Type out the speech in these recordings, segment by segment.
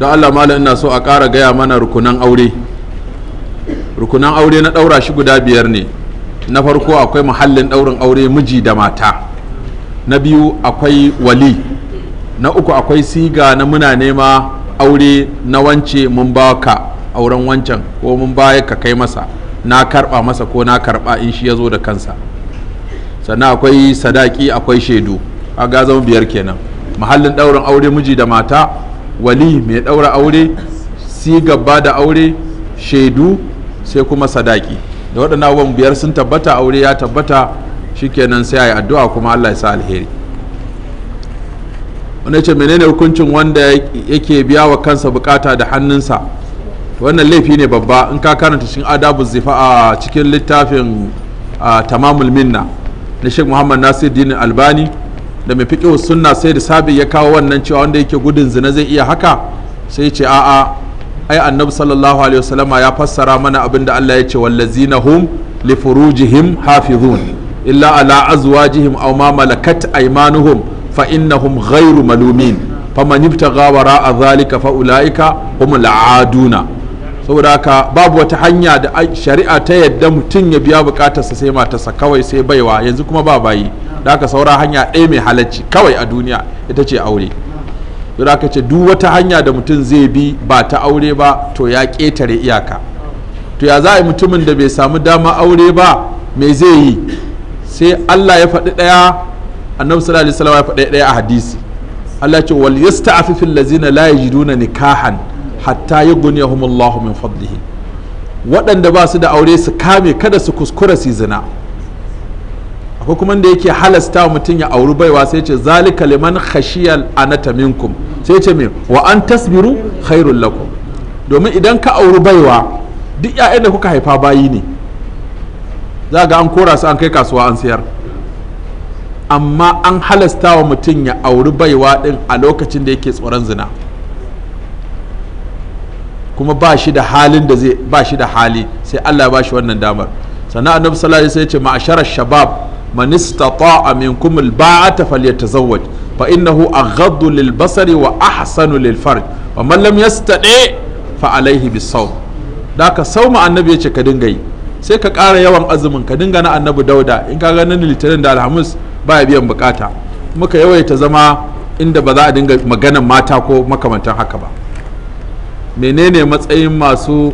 don allah malam ina so a ƙara gaya mana rukunan aure rukunan aure na ɗaura shi guda biyar ne na farko akwai muhallin ɗaurin aure miji da mata na biyu akwai wali na uku akwai siga na muna nema aure na wance mun ba ka auren wancan ko mun baya ka kai masa na karba masa ko na karba in shi ya zo da kansa sannan akwai sadaki akwai shaidu a zama biyar kenan Muhallin ɗaurin aure miji da mata wali mai ɗaura aure si gaba da aure shaidu sai kuma sadaki da waɗannan abubuwan biyar sun tabbata aure ya tabbata shikenan sai a yi addu'a kuma allah ya sa alheri wanda ce menene hukuncin wanda yake biya wa kansa bukata da hannunsa wannan laifi ne babba in ka karanta cikin adabu zifa a cikin littafin tamamul minna na sheikh muhammad nasir dinin albani da mai fiƙi sunna sai da sabi ya kawo wannan cewa wanda yake gudun zina zai iya haka sai ce a'a ai annabi sallallahu alaihi wasallama ya fassara mana abin da Allah ya ce wallazina hum li furujihim hafizun illa ala azwajihim aw ma malakat aymanuhum fa innahum ghairu malumin man yabtagha wara dhalika fa ulaika humul aduna saboda haka babu wata hanya da shari'a ta yadda mutum ya biya bukatarsa sai matarsa kawai sai baiwa yanzu kuma ba bayi da aka saura hanya ɗaya mai halacci kawai a duniya ita ce aure don aka ce duk wata hanya da mutum zai bi ba ta aure ba to ya ƙetare iyaka to ya za a yi mutumin da bai samu dama aure ba me zai yi sai allah ya faɗi ɗaya annabi sallallahu alaihi wasallam ya faɗi ɗaya a hadisi allah ce wal yasta'afifu ladzina la yajiduna nikahan hatta yughniyahum allah min fadlihi waɗanda ba su da aure su kame kada su kuskura su zina akwai kuma da yake halasta mutum ya auri baiwa sai ce zalika liman khashiyal anata minkum sai ce me wa an tasbiru khairul lakum domin idan ka auri baiwa duk ƴaƴan da kuka haifa bayi ne za ga an kora su an kai kasuwa an siyar amma an halasta wa mutum ya auri baiwa din a lokacin da yake tsoron zina kuma ba shi da halin da zai ba shi da hali sai Allah ya ba shi wannan damar sannan annabi sallallahu alaihi wasallam ya ce ma'ashara shabab man istata'a minkum alba'ata falyatazawwaj fa innahu aghaddu lil basari wa ahsanu lil farj wa man lam yastati fa alaihi bisawm da ka sauma annabi yace ka dinga yi sai ka ƙara yawan azumin ka dinga na annabi dauda in ka ga litinin da alhamis baya biyan bukata muka yawaita zama inda ba za a dinga maganan mata ko makamantan haka ba menene matsayin masu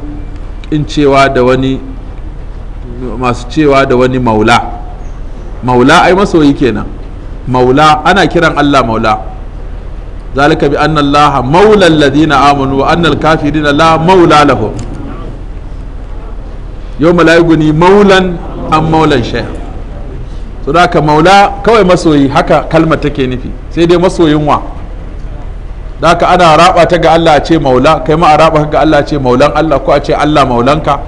masu cewa da wani maula maula ai masoyi kenan maula ana kiran Allah maula zalika bi anna Allah maula alladhina amanu wa anna alkafirina la maula lahum yawma la yughni maulan am maulan shay'a so haka maula kawai masoyi haka kalmar take nufi sai dai masoyin wa da haka ana raba ta ga Allah a ce maula kai ma a raba ga Allah a ce maulan Allah ko a ce Allah maulanka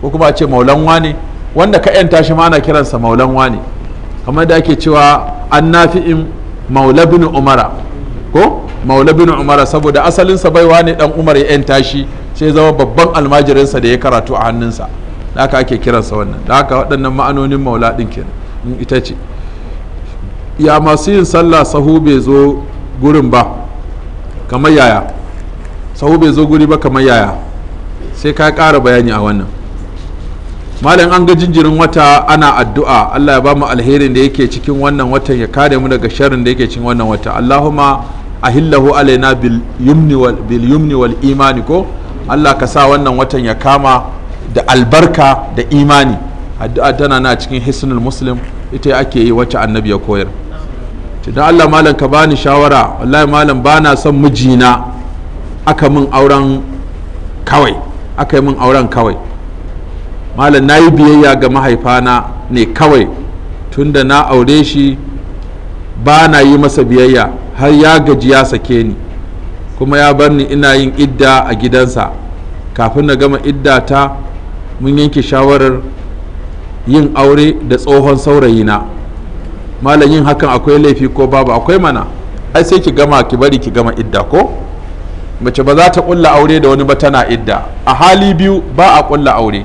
ko kuma a ce maulan wane wanda ka yanta shi ma ana kiransa maulan wane kamar da ake cewa an nafi'in maula bin umara ko maula bin umara saboda asalinsa baiwa ne dan umar ya yan tashi sai zama babban almajirinsa da ya karatu a hannunsa da haka ake kiransa wannan da haka waɗannan ma'anonin maula ɗin kenan in ita ce ya masu yin sallah sahu bai zo gurin ba kamar yaya sahu bai zo guri ba kamar yaya sai ka ƙara bayani a wannan malam an ga jinjirin wata ana addu'a Allah ya ba mu alherin da yake cikin wannan watan ya kare mu daga sharin da yake cikin wannan wata Allahumma ahillahu alaina bil yumni wal imani ko Allah ka sa wannan watan ya kama da albarka da imani addu'a tana na cikin hisnul muslim ita ake yi wata annabi ya koyar to Allah malam ka bani shawara wallahi malam bana son mijina aka aka yi min auren kawai malam na yi biyayya ga mahaifana ne kawai tunda na aure shi ba na yi masa biyayya har ya gaji ya sake ni kuma ya bar ni ina yin idda a gidansa kafin na gama idda ta mun yanke shawarar yin aure da tsohon saurayina malam yin hakan akwai laifi ko babu akwai mana ai sai ki gama ki bari ki gama idda ko mace ba za ta kulla aure da wani ba tana idda a hali biyu ba a kulla aure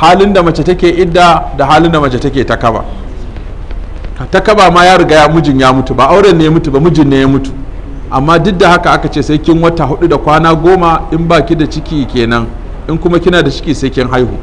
halin da mace take idda da halin da mace take takaba takaba ma ya riga ya mijin ya mutu ba auren ne ya mutu ba mijin ne ya mutu amma duk da haka aka ce sai kin wata hudu da kwana goma in baki da ciki kenan in kuma kina da ciki sai kin haihu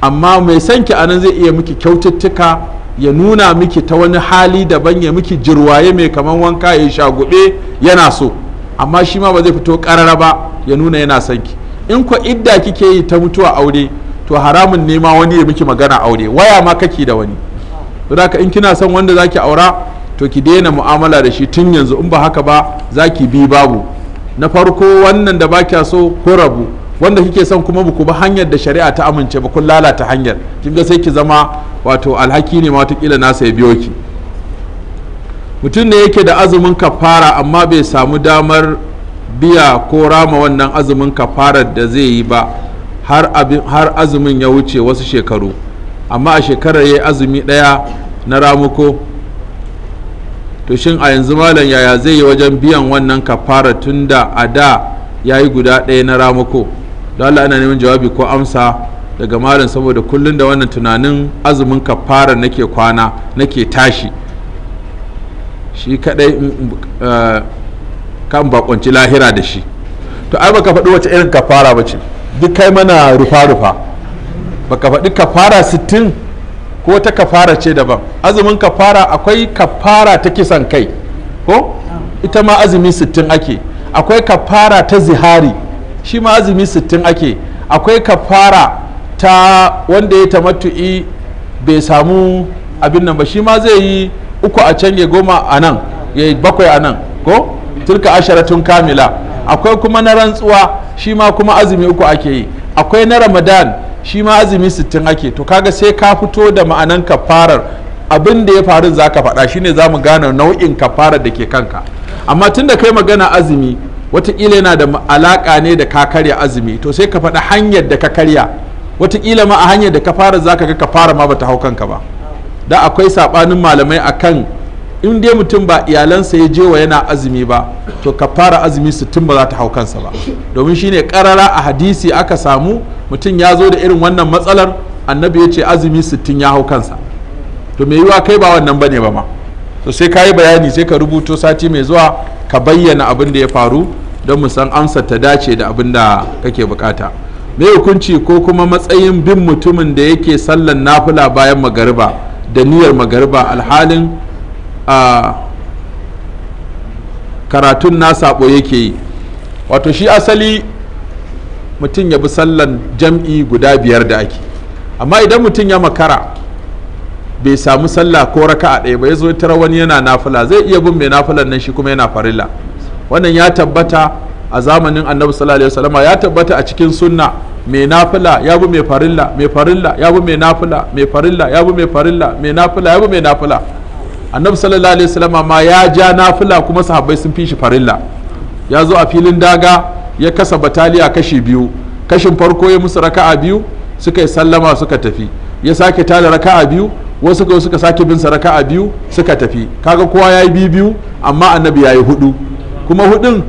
amma mai sanki ki anan zai iya miki kyaututtuka ya nuna miki ta wani hali daban ya miki jirwaye mai kaman wanka ya shagube yana so amma shi ma ba zai fito karara ba ya nuna yana sanki in ku idda kike yi ta mutuwa aure to haramun nema wani ya miki magana aure waya ma kake da wani don in kina son wanda zaki aura to ki daina mu'amala da shi tun yanzu in ba haka ba zaki bi babu na farko wannan da baki so ko rabu wanda kike son kuma ku ba hanyar da shari'a ta amince ba kun lalata hanyar kin ga sai ki zama wato alhaki ne ma watakila nasa ya biyo ki mutum ne yake da azumin kafara amma bai samu damar biya ko rama wannan azumin kafarar da zai yi ba har azumin ya wuce wasu shekaru amma a shekarar ya azumi ɗaya na ramuko to shin a yanzu malam yaya zai yi wajen biyan wannan kafara tun da a da ya yi guda ɗaya na ramuko don Allah ana neman jawabi ko amsa daga malam saboda kullum da wannan tunanin azumin kafara nake kwana nake tashi shi kadai mm, mm, eh, kan bakonci lahira da shi to ai baka faɗi wace irin kafara ba ce duk kai mana rufa-rufa baka faɗi kafara sittin ko ta kafara ce daban azumin kafara akwai kafara ta kisan kai ko ita ma azumi sittin ake akwai kafara ta zihari shi ma azumi sittin ake akwai kafara ta wanda ya tamattu'i bai samu abin nan ba shi ma zai yi uku a can ya goma a nan ya yi bakwai a nan ko tilka asharatun kamila akwai kuma na rantsuwa shi ma kuma azumi uku ake yi akwai na ramadan shi ma azumi sittin ake to kaga sai ka fito da ma'anan kafarar abin da ya faru za ka faɗa shine za mu gane nau'in kafarar da ke kanka amma tun da kai magana azumi watakila yana da alaƙa ne da ka karya azumi to sai ka faɗa hanyar da ka karya watakila ma a hanyar da ka fara za ka ga ka fara ma bata hau kanka ba da akwai saɓanin malamai akan in dai mutum ba iyalansa ya je wa yana azumi ba to ka fara azumi sittin ba za ta hau kansa ba domin shine karara a hadisi aka samu mutum ya zo da irin wannan matsalar annabi ya ce azumi sittin ya hau kansa to mai yiwa kai ba wannan bane ba ma to sai ka yi bayani sai ka rubuto sati mai zuwa ka bayyana abin da ya faru don mu san amsa ta dace da abin da kake bukata me hukunci ko kuma matsayin bin mutumin da yake sallan nafila bayan magariba da niyyar magariba alhalin a karatun na sabo yake yi wato shi asali mutum ya bi sallan jam'i guda biyar da ake amma idan mutum ya makara bai samu sallah ko raka a ɗaya ba ya zo tara wani yana nafila zai iya bin mai nafilan nan shi kuma yana farilla wannan ya tabbata a zamanin annabi sallallahu alaihi wasallam ya tabbata a cikin sunna mai nafila ya bi mai farilla mai farilla ya bi mai nafila mai farilla ya bi mai farilla mai nafila ya bi mai nafila annabi sallallahu alaihi wasallam ma ya ja nafila kuma sahabbai sun fi shi farilla ya zo a filin daga ya kasa bataliya kashi biyu kashin farko ya musu raka'a biyu suka yi sallama suka tafi ya sake tada raka'a biyu wasu ga suka sake bin raka'a biyu suka tafi kaga kowa yayi biyu biyu amma annabi yayi hudu kuma hudun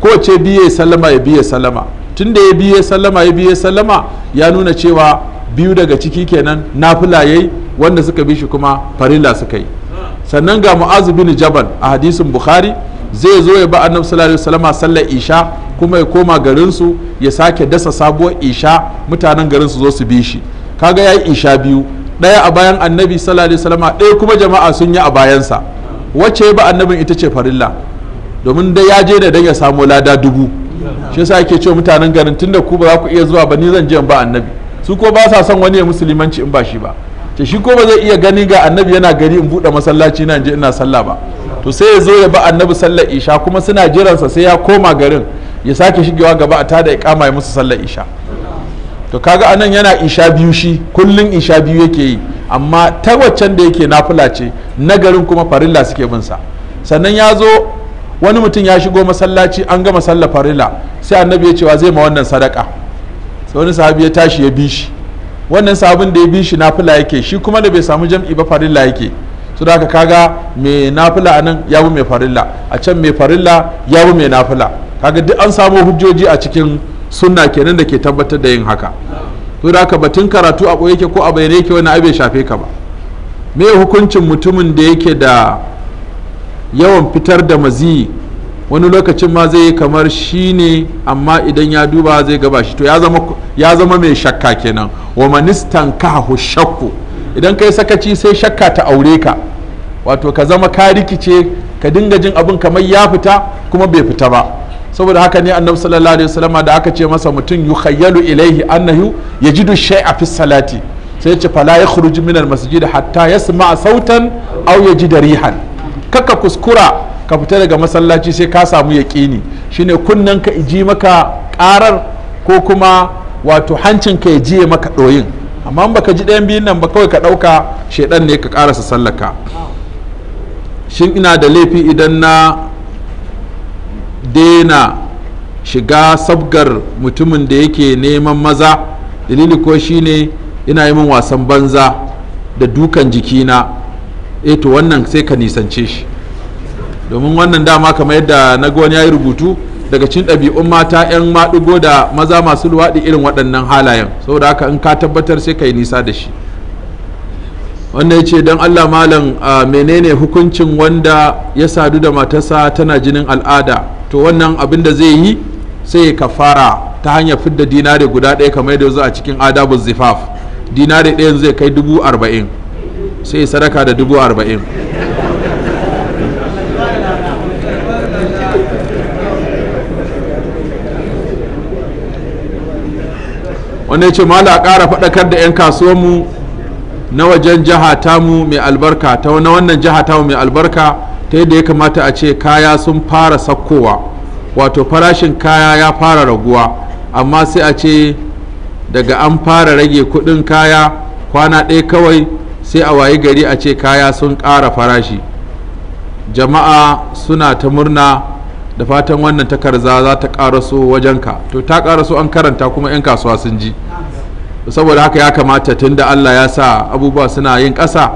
ko ce biye sallama ya biye sallama tunda ya biye sallama ya biye sallama ya nuna cewa biyu daga ciki kenan nafila yayi wanda suka bi shi kuma farilla suka yi sannan ga mu'azu bin jabal a hadisin bukhari zai zo ya ba annabi sallallahu alaihi wasallam sallar isha kuma ya koma garin su ya sake dasa sabuwar isha mutanen garin su zo su bi shi kaga yayi isha biyu daya a bayan annabi sallallahu alaihi wasallam ɗaya kuma jama'a sun yi a bayansa wacce ba annabin ita ce farilla domin dai ya je da dan ya samu lada dubu shi yasa yake cewa mutanen garin tunda ku ba za ku iya zuwa ba ni zan je ba annabi su ko ba sa son wani ya musulmanci in ba shi ba ce shi ko ba zai iya gani ga annabi yana gari in buɗe masallaci na je ina sallah ba to sai ya zo ya ba annabi sallar isha kuma suna jiransa sai ya koma garin ya sake shigewa gaba a tada ya kama musu sallar isha to kaga anan yana isha biyu shi kullun isha biyu yake yi amma ta waccan da yake nafila ce na garin kuma farilla suke bin sa sannan ya zo wani mutum ya shigo masallaci an gama sallar farilla sai annabi ya wa zai ma wannan sadaka sai wani sahabi ya tashi ya bi shi wannan sabon da ya bi shi nafila yake shi kuma da bai samu jam'i ba farilla yake su da aka kaga mai nafila a nan ya mai farilla a can mai farilla ya mai nafila kaga duk an samu hujjoji a cikin sunna kenan da ke tabbatar da yin haka to da aka batun karatu a ɓoye yake ko a bayyane yake wani abin shafe ka ba me hukuncin mutumin da yake da yawan fitar da maziyi wani lokacin ma zai yi kamar shi ne amma idan ya duba zai gaba shi to ya zama mai shakka kenan wa manistan kahu shakku idan kai sakaci sai shakka ta aure ka wato ka zama ka rikice ka dinga jin abin kamar ya fita kuma bai fita ba saboda haka ne annabi sallallahu alaihi wasallam da aka ce masa mutum yukhayyalu ilaihi annahu yajidu shay'a fi salati sai ya ce fala yakhruju min al-masjid hatta yasma'a sautan aw yajida rihan kaka kuskura ka fita daga masallaci sai ka samu yaƙini shine kunnen ka iji maka ƙarar ko kuma wato hancin ka ya jiye maka ɗoyin amma ba ka ji ɗayan biyun nan ba kawai ka ɗauka shaidan ne ka ƙarasa sallaka shin ina da laifi idan na daina shiga sabgar mutumin da yake neman maza dalili ko shine ina yi min wasan banza da dukan jikina eto eh wannan sai ka nisance shi domin wannan dama kamar yadda na wani ya yi rubutu daga cin ɗabi'un mata 'yan maɗugo da maza masu luwaɗi irin waɗannan halayen saboda haka in ka tabbatar sai ka yi nisa da shi wannan ya ce don allah malam menene hukuncin wanda ya sadu da matarsa tana jinin al'ada to wannan abin da zai yi sai ya fara ta hanyar fidda dinari guda ɗaya kamar yadda zuwa a cikin adabu zifaf dinare ɗayan zai kai dubu arba'in sai sadaka da dubu arba'in wanda ya ce mala a ƙara faɗakar da 'yan kasuwanmu na wajen jiha tamu mai albarka ta na wannan jiha tamu mai albarka ta yadda ya kamata a ce kaya sun fara sakkowa wato farashin kaya ya fara raguwa amma sai a ce daga an fara rage kuɗin kaya kwana ɗaya kawai sai a wayi gari a ce kaya sun ƙara farashi jama'a suna ta murna da fatan wannan takarza za ta karaso ka to ta karaso an karanta kuma 'yan kasuwa sun ji saboda haka ya kamata tunda allah ya sa abubuwa suna yin ƙasa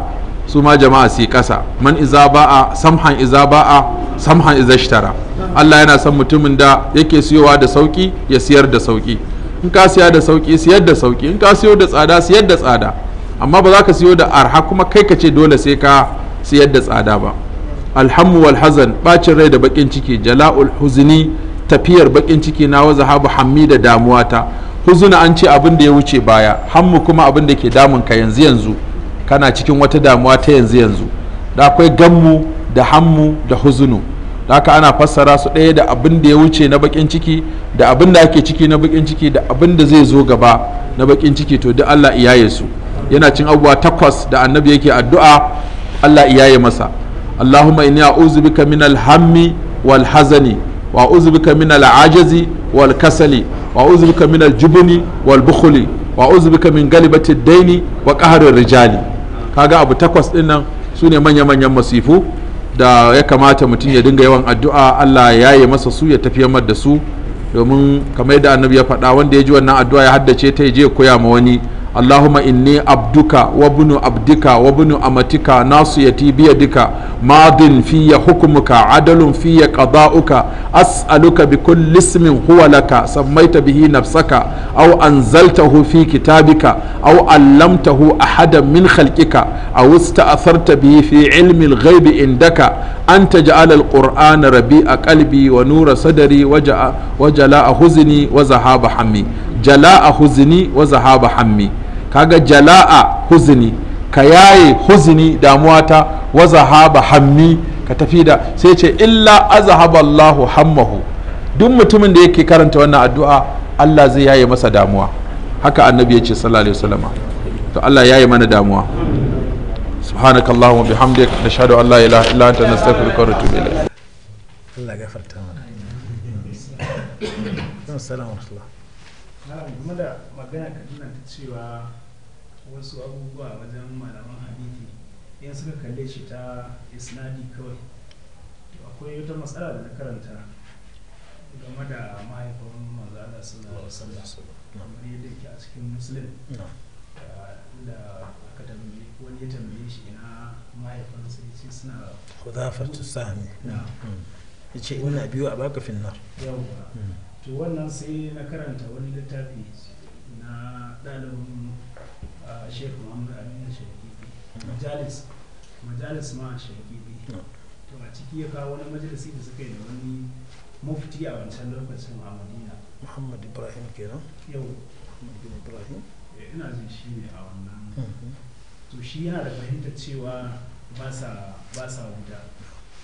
su ma jama'a su yi ƙasa man iza ba'a samhan iza ba'a samhan iza shtara allah yana son mutumin da yake siyowa da sauki ya siyar da sauki in ka siya da sauki siyar da sauki in ka siyo da tsada siyar da tsada amma ba za ka siyo da arha kuma kai ka ce dole sai ka siyar da tsada ba alhammu wal hazan bacin rai da bakin ciki jala'ul huzuni tafiyar bakin ciki na wa zahabu hammi da damuwata huzuna an ce abin da ya wuce baya hammu kuma abin da ke damun ka yanzu yanzu kana cikin wata damuwa ta yanzu yanzu da akwai gammu da hammu da huzunu da haka ana fassara su ɗaya da abin da ya wuce na bakin ciki da abin da ake ciki na bakin ciki da abin da zai zo gaba na bakin ciki to duk Allah iyaye su yana cin abubuwa takwas da annabi yake addu'a Allah iyaye masa Allahumma inni a'udhu bika min al-hammi wal hazani wa a'udhu bika min al-ajazi wal kasali wa a'udhu bika min al-jubni wal bukhli wa a'udhu bika min galibati daini wa qahri rijali kaga abu takwas din nan sune manya manyan masifu da ya kamata mutum ya dinga yawan addu'a Allah ya yi masa su ya tafiyar da su domin kamar yadda annabi ya faɗa wanda ya ji wannan addu'a ya haddace ta ya je koya ma wani اللهم إني عبدك وابن عبدك وابن أمتك ناصيتي بيدك ماض في حكمك عدل في قضاؤك أسألك بكل اسم هو لك سميت به نفسك أو أنزلته في كتابك أو علمته أحدا من خلقك أو استأثرت به في علم الغيب عندك أن تجعل القرآن ربيع قلبي ونور صدري وجلاء حزني وزهاب حمي jala'a huzini wa zahaba hammi kaga jala'a huzini ka yaye damuwa ta wa zahaba hammi ka tafi da sai ce illa Allahu hammahu duk mutumin da yake karanta wannan addu'a Allah zai yaye masa damuwa haka annabi ya ce sallallahu alaihi to Allah yaye mana damuwa subhanakallahumma bihamdik nashhadu an la ilaha illa anta nastaghfiruka wa natubu ilayk Allah gafarta mana. Assalamu alaikum. na game da magana kaduna ta cewa wasu abubuwa wajen malaman hadithi yan suka kalle shi ta isnadi kawai akwai wata matsala da na karanta game da mahaifin manzana suna alaihi kamar yadda ke a cikin muslim da aka tambaye wani ya tambaye shi ina mahaifansa ya ce suna hudafar tusami hmm. ya ce ina biyu a baka finnar to wannan sai na karanta wani littafi na ɗalibin shek muhammad amina shakibi majalis majalis ma shakibi to a ciki ya kawo wani majalisi da suka yi da wani mufti a wancan lokacin a madina muhammad ibrahim kenan yau muhammad ibrahim eh, ina jin shi ne a wannan mhm. to shi yana da fahimtar cewa ba sa wuta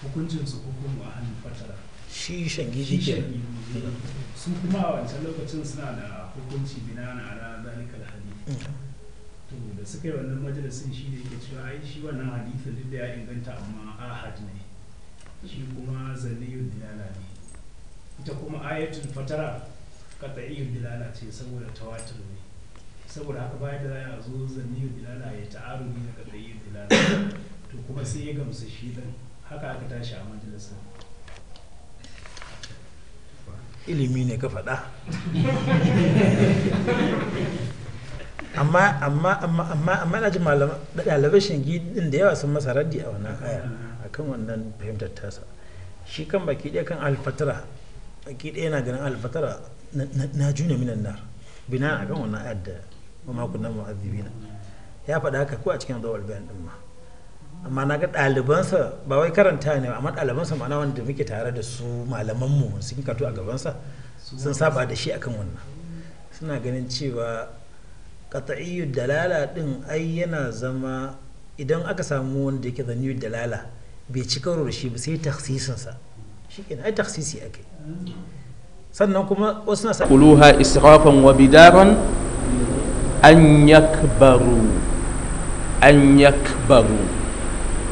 hukuncinsu hukumu a hannun fatara shi shangiji ke Sun kuma a wancan lokacin suna da hukunci binana ala zalikal hadith mm. to da suka yi wannan majalisun shi da yake cewa ai shi wannan hadithin duk da ya inganta amma ahad ne shi kuma zaliyul dilala ne ita kuma ayatun fatara qat'iyul dilala ce saboda tawatar ne saboda haka bayan da za a zo zaliyul dilala ya ta'arudi da qat'iyul dilala to kuma sai ya gamsu shi dan. haka aka tashi a majalisin ilimi ne ka faɗa amma amma amma amma amma na ji ɗalibai shingi ɗin da yawa sun masa raddi a wannan aya akan wannan fahimtar tasa shi kan baki ɗaya kan alfatara baki ɗaya ganin alfatara na juna minan nar bina akan wannan ayar da mamakon nan ya faɗa haka ko a cikin zawal bayan ɗin ma amma na ga ɗalibansa ba wai karanta ne amma ɗalibansa ma'ana wanda muke tare da su malamanmu sun kato a gabansa sun saba da shi akan wannan suna ganin cewa qat'iyyu dalala din ai yana zama idan aka samu wanda yake zanyu dalala bai ci karo da shi ba sai taksisinsa shi kenan ai taksisi ake sannan kuma wasu na sa'a kuluha israfan wa bidaran an yakbaru an yakbaru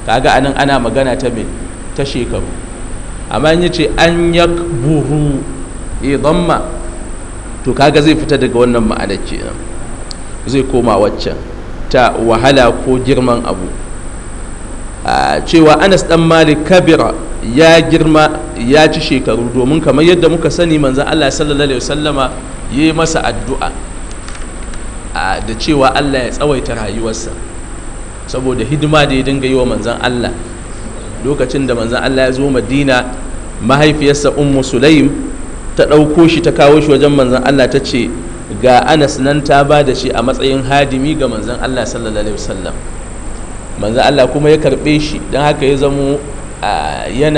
kaga anan ana magana ta me ta shekaru amma in yace an yakburu idamma to kaga zai fita daga wannan ma'anar kenan zai koma waccan ta wahala ko girman abu cewa anas dan malik kabira ya girma ya ci shekaru domin kamar yadda muka sani manzan allah sallallahu alaihi wasallama ya yi masa addu'a da cewa allah ya tsawaita rayuwarsa saboda hidima da ya dinga yi wa manzan Allah lokacin da manzan Allah ya zo madina mahaifiyarsa ummu sulaim ta ɗauko shi ta kawo shi wajen manzan Allah ta ce ga anas nan ta ba da shi a matsayin hadimi ga manzan Allah sallallahu alaihi wasallam manzan Allah kuma ya karɓe shi don haka ya zamo yana